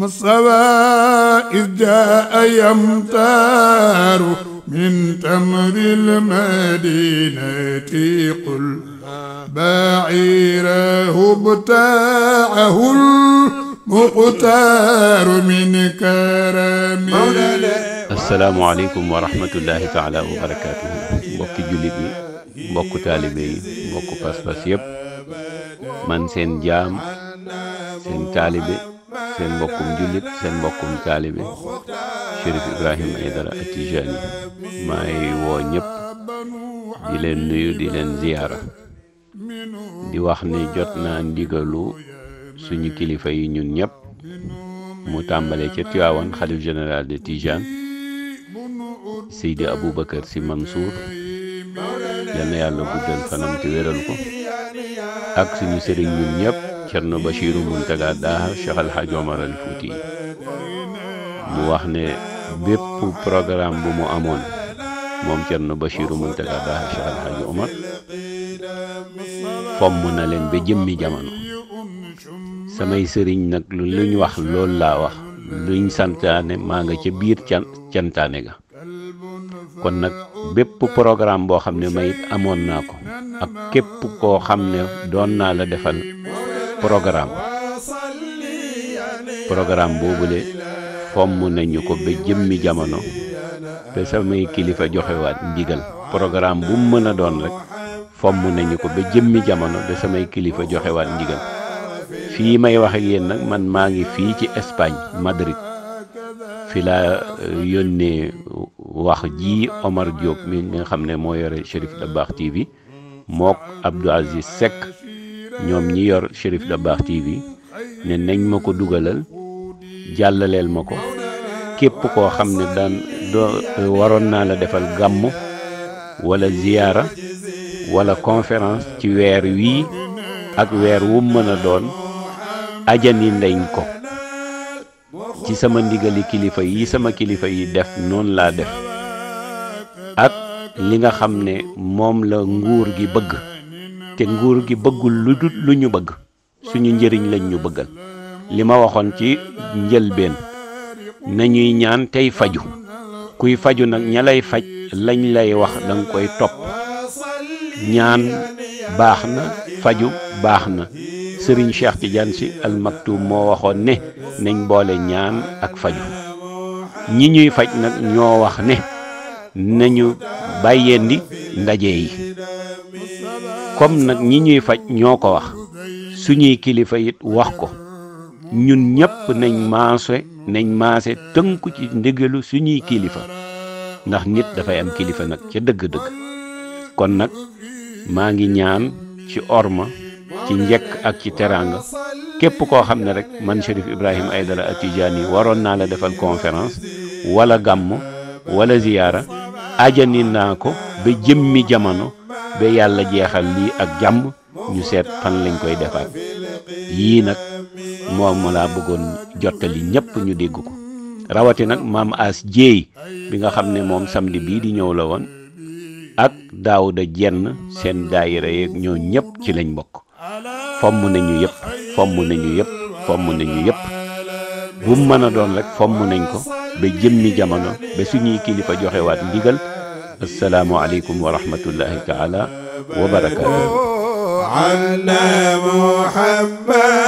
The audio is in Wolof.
مصطفى إذ جاء يمطار من تمر المدينة قل بعيره بتاعه المختار من كرم asalaamaaleykum wa rahmatullahi taala wa barakaatuhu mbokki jullit yi mbokku taalibe yi mbokku pas-pas yëpp man seen jaam seen taalibe seen mbokkum jullit seen mbokkum taalibe Chérif Ibrahima Aidara Atijani maay woo ñëpp di leen nuyu di leen ziyaara di wax ni jot na ndigalu suñu kilifa yi ñun ñëpp mu tàmbale ca Tiwaawan xalif général de Tijane Seydi Aboubacar Sy Mansour yal na yàlla guddal fanam te wéral ko ak suñu sëriñ ñun ñëpp Cerno Bachiru Muntaga Daha Cheikh Al Hadj Omar Al Fouti mu wax ne bépp programme bu mu amoon moom Cerno Bachiru Muntaga Daha Cheikh Al Hadj Omar fomm na leen ba jëmmi jamono samay sëriñ nag luñ wax loolu laa wax luñ santaane maa nga ca biir can cantaane ga kon nag bépp programme boo xam ne may amoon naa ko ak képp koo xam ne doon naa la defal programme programme boobule fomm nañu ko ba jëmmi jamono te samay kilifa joxewaat ndigal programme bu mën a doon rek fomm nañu ko ba jëmmi jamono ba samay kilifa joxewaat ndigal fii may wax ak nag man maa ngi fii ci Espagne Madrid fi laa euh, yónnee wax ji Omar Diop mi nga xam ne moo yore Chérif Dabakh TV mook Abdou Aziz Seck ñoom ñi yor Cherif Dabakh TV ne nañ ma ko dugalal jàllaleel ma ko képp koo xam ne daan doo waroon naa la defal gàmmu wala ziyaara wala conférence ci weer wii ak weer wu mën a doon ajani nañ ko ci sama ndigali kilifa yi sama kilifa yi def noonu laa def ak li nga xam ne moom la nguur gi bëgg te nguur gi bëggul lu dul lu ñu bëgg suñu njëriñ lañ ñu bëggal li ma waxoon ci njëlbéen nañuy ñaan tey faju kuy faju nag ña lay faj lañ lay wax danga koy topp ñaan baax na faju baax na sëriñ Cheikh Tidiane Sy Al Maktoum moo waxoon ne nañ boole ñaan ak faju ñi ñuy faj nag ñoo wax ne nañu bàyyeendi ndaje yi comme nag ñi ñuy faj ñoo ko wax suñuy kilifa it wax ko ñun ñëpp nañ maase nañ maase tënku ci ndigalu suñuy kilifa ndax nit dafay am kilifa nag ca dëgg-dëgg kon nag maa ngi ñaan ci orma ci njëkk ak ci teraanga képp koo xam ne rek man Chérif Ibrahima Aïdara At-Tidjani waroon naa la defal conférence walla gàmm walla ziyaara ajani naa ko ba jëmmi jamono ba yàlla jeexal lii ak jàmm ñu seet fan lañ koy defaat yii nag moom laa bëggoon jottali ñëpp ñu dégg ko rawati nag maam as jéey bi nga xam ne moom samedi bii di ñëw la woon ak daawuda jenn seen daayira yeeg ñoo ñëpp ci lañ mbokk fomm nañu yëpp fomm nañu yëpp fomm nañu yëpp bu mën a doon rek fomm nañ ko ba jëmmi jamono ba suñuy kilifa joxewaat ndigal asalaamualeykum wa rahmatullahi taala wa barakaatu ala Muhammad